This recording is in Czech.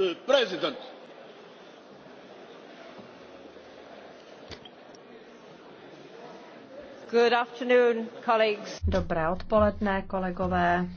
the president. Good afternoon, colleagues. Dobré odpoledne, kolegové.